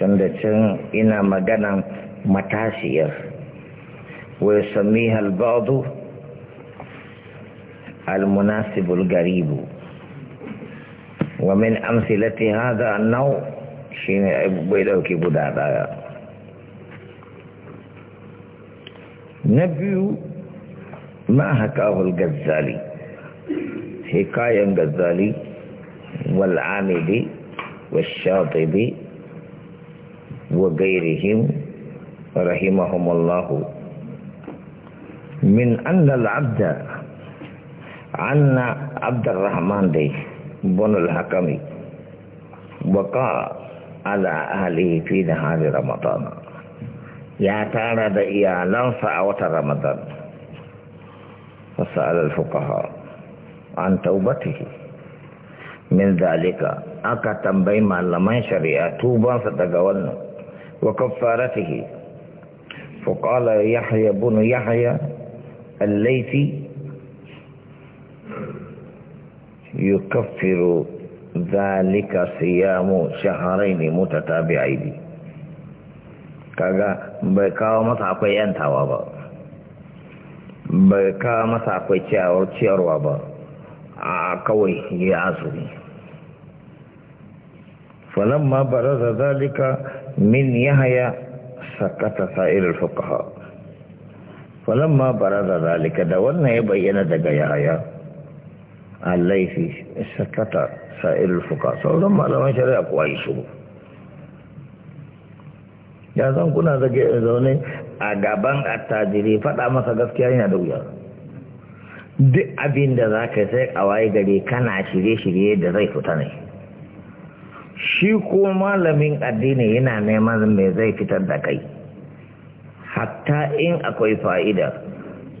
tun da can ina maganan matashiyar wai sami halbadu almunasibul garibu wa min amsilati hada nau shi ne bai dauki guda daya na biyu ma haka hulgazzali hikayen gazzali wal'amidi والشاطبي وغيرهم رحمهم الله من أن العبد أن عبد الرحمن دي بن الحكم وقع على أهله في نهار رمضان يا ترى يا لنفع وتر رمضان فسأل الفقهاء عن توبته من ذلك أكتم بين لما شريعة توبة فتقولنا وكفارته فقال يحيى بن يحيى الليثي يكفر ذلك صيام شهرين متتابعين كغا بكا ما انت وابا بكا ما تاكوي تشاو تشير وابا اكوي يا فلما برز ذلك من يحيى سكت سائر الفقهاء فلما برز ذلك دولنا يبين دقى يحيى الليثي سكت سائر الفقهاء فلما لما شرع yi شروع ya zan kuna zaune a gaban attajiri faɗa masa gaskiya yana da wuya duk abin da za ka sai a waye gari kana shirye-shirye da zai fita ne shi ko malamin addini yana neman mai zai fitar da kai hatta in akwai fa'ida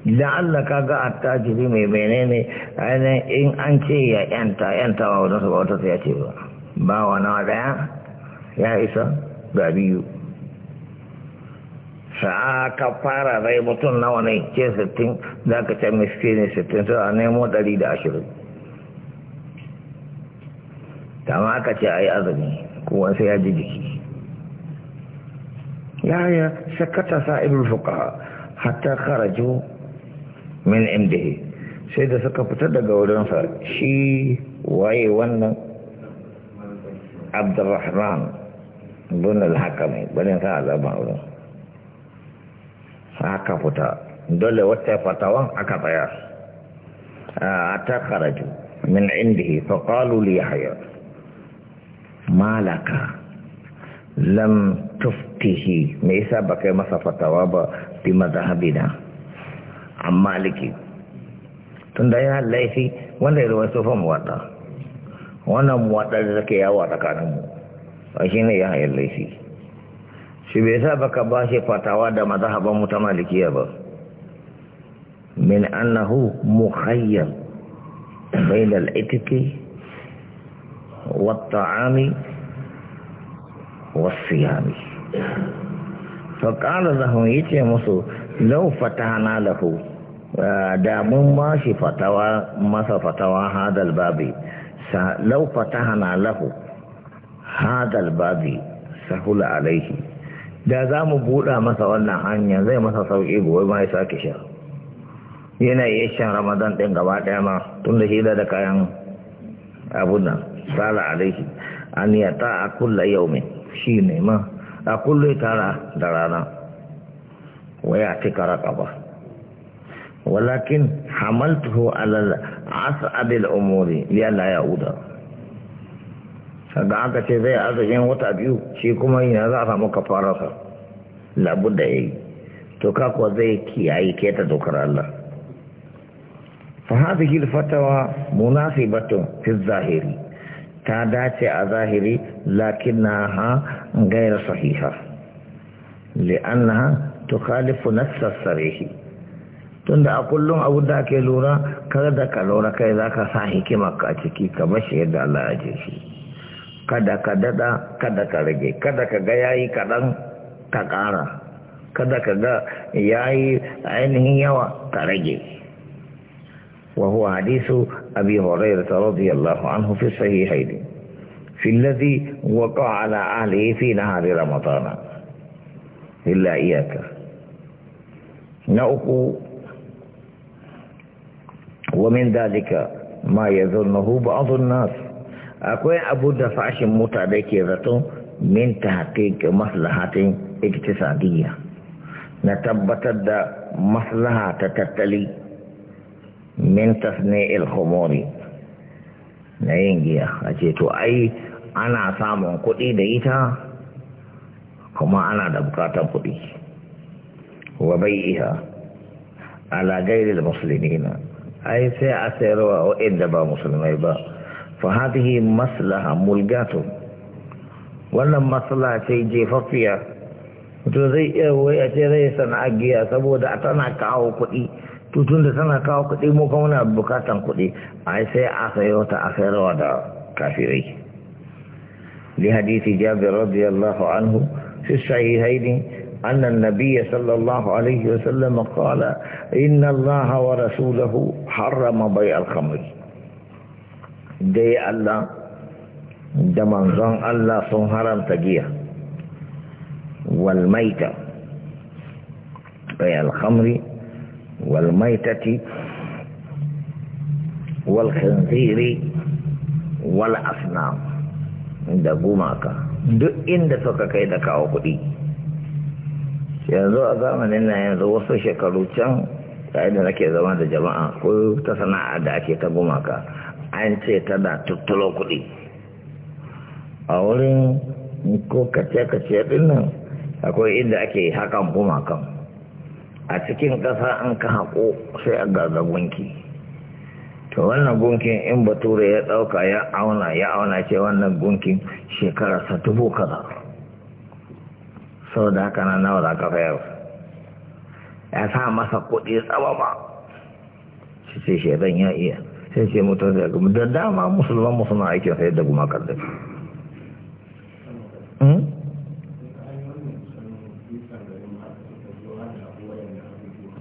idan Allah ka ga attajiri mai menene ne in an ce ya yanta wa wajen su wata ya ce ba ba wa nawa daya ya isa ga biyu sa'a ka fara rai mutum nawa ne ce sittin za ka ce miskini sittin sai a nemo ɗari da ashirin kama aka ce a yi azumi kuma sai ya ji jiki yaya sakata sa'irul fuka hatta kharaju min imdihi sai da suka fita daga wurinsa shi waye wannan abdurrahman bin al-hakami bane sa azaba wurin haka fita dole wata fatawan aka tsaya a ah, ta karaju min indihi fa qalu li yahya malaka lam tuftihi me yasa ba kai masa fatawa ba bi mazhabina amma maliki tunda ya laifi wanda ya rawaito fa muwadda wannan muwadda da take yawa tsakanin mu shi ne ya hayar laifi shi bai sa baka ba shi fatawa da mazhaban mu ta malikiya ba min annahu mukhayyal bainal itiqi wata'ani wasu yami faƙalar zahun yi ce musu zau fataha na lafu damun ba shi fatawa masa fatawa hadal babi sa lau fataha na lafu hadal babi hula alaihi da za mu buɗa masa wannan hanya zai masa sauƙi gobe ma ya sake sha yana iya shan ramadan ɗin gaba ɗaya ma tun da shi da kayan abun sala alaihi an ya ta a kulla yaumin shi ne ma a kulle tara da rana waya ta karaka ba walakin hamaltuhu alal as'abil umuri li alla yauda sanda aka ce zai arzikin wata biyu shi kuma yana za a samu kafararsa labu da yayi to kakwa zai kiyaye keta dokar Allah fa hadhihi al-fatawa munasibatun fi zahiri ta dace a zahiri lakin na ha ghayr sahiha li'annaha tukhalifu na sassare shi. tunda a kullum abu da ke lura kar da ka lura kai za ka sa hikima ka a ciki ka bashi yadda Allah ya ce shi kada ka dada kada ka rage kada ka ga yayi kadan ka ƙara kada ka ga yayi ainihin yawa ka rage wa huwa hadisu أبي هريرة رضي الله عنه في الصحيحين في الذي وقع على أهله في نهار رمضان إلا إياك نأكو ومن ذلك ما يظنه بعض الناس أكوين أبو دفعش متعدكرة من تحقيق مصلحة اقتصادية نتبتد مصلحة تتلي min tasni ilhomori na yin giya a ce to ai ana samun kuɗi da ita kuma ana da bukatar kuɗi wa bai'iha ala gairi da musulmi na ai sai a sayarwa wa'inda ba musulmai ba fa hadihi maslaha mulgatu wannan maslaha ce jefaffiya to zai iya wai a ce zai sana'a giya saboda tana kawo kuɗi tutun da tana kawo kuɗi mu kuma muna bukatan kuɗi ai sai a sayo ta a sayarwa da kafirai li hadisi jabir radiyallahu anhu fi sahihain أن النبي صلى الله عليه وسلم قال إن الله ورسوله حرم بيع الخمر دي الله دمنزون الله سنهرم تجيه والميتة بيع الخمر والميتة والخنزير والأصنام da gumaka duk inda suka kai da kawo kuɗi yanzu a zamanin na yanzu wasu shekaru can yayin da nake zama da jama'a ko ta sana'a da ake ta gumaka an ce tana tuttulo kuɗi a wurin ko kace-kace ɗin nan akwai inda ake hakan gumakan a cikin ƙasa an ka haƙo sai a gaza gunki to wannan gunkin in bature ya ɗauka ya auna ya auna ce wannan gunkin sa dubu kaza sau da haka na nawa za ka fayar ya sa masa kuɗi tsababa shi ce shaidan ya iya sai ce mutum da da dama musulman musulman aikin sai da gumakar da hmm?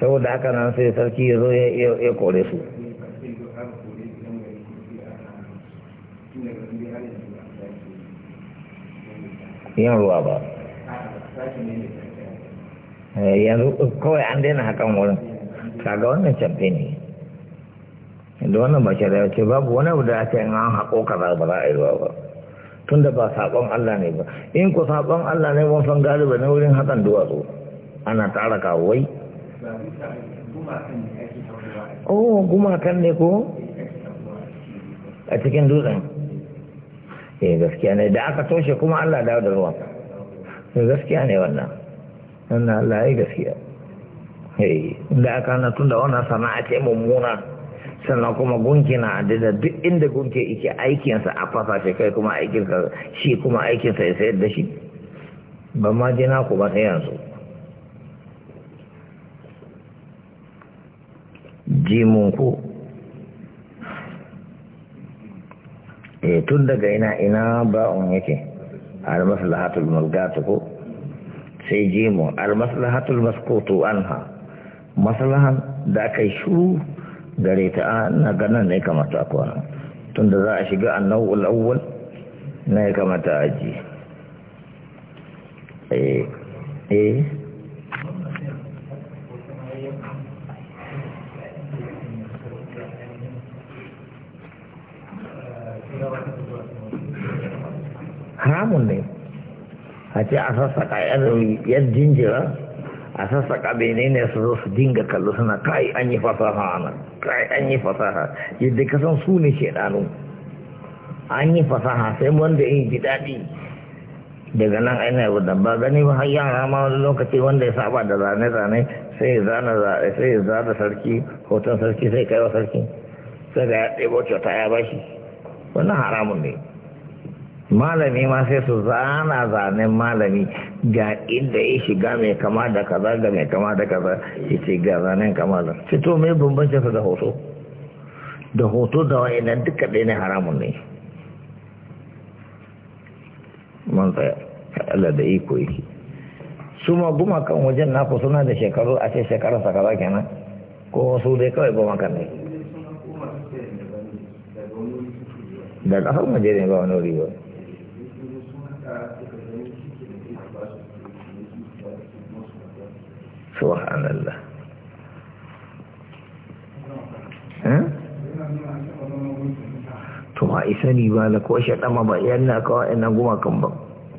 saboda haka nan sai sarki ya zo ya kore su yin ruwa ba eh, yanzu kawai an daina hakan wurin kaga wannan camfe ne da wannan ba shari'a ce babu wani abu da ake yin an haƙo kaza ba za a yi ruwa ba tun da ba saɓon Allah ne ba in ku saɓon Allah ne mun san galiba na wurin hakan duwatsu ana tara kawai oh gumakan ne ko a cikin dutsen eh gaskiya ne da aka toshe kuma Allah dawo da ruwan eh, gaskiya ne wannan wannan Allah ya gaskiya eh da aka hana tun da wannan sana'a ce mummuna sannan kuma gunki na da duk inda gunki yake aikinsa a fasa kai kuma aikinsa shi kuma aikinsa ya sayar da shi ba ma jina ku ba sai yanzu jiminku e tun daga ina ina ba'un yake almaslahatul mulgatu ko sai jimu almaslahatul maskutu anha maslahan da aka yi shuru gare ta na ganin ne kamata a kwana tun da za a shiga annawul awwal na ya kamata a ji eh eh haramun ne a ce a sassaka yar jinjira a sassaka bene ne su zo su dinga kallo suna kai an yi fasaha nan kai an yi fasaha yadda ka san su ne shaidanu an yi fasaha sai wanda yin ji daɗi daga nan aina yau da ba gani ba har yara ma wani lokaci wanda ya saba da zane-zane sai ya zana sarki hoton sarki sai kai wa sarki sai ga ya ɗebo kyauta ya bashi wannan haramun ne malami ma sai su zana zanen malami ga inda ya shiga mai kama da kaza ga mai kama da kaza ya ce ga zanen kama da fito mai bambancin da hoto da hoto da nan duka ɗaya ne haramun ne man tsaya Allah da iko yake su ma kan wajen naku suna da shekaru a ce sa kaza kenan ko su dai kawai gumakan ne da ƙasar majeriya ba wani wuri ba subhanallah to ma isa ni ba ko shaɗa ma ba yan kawai na gumakan ba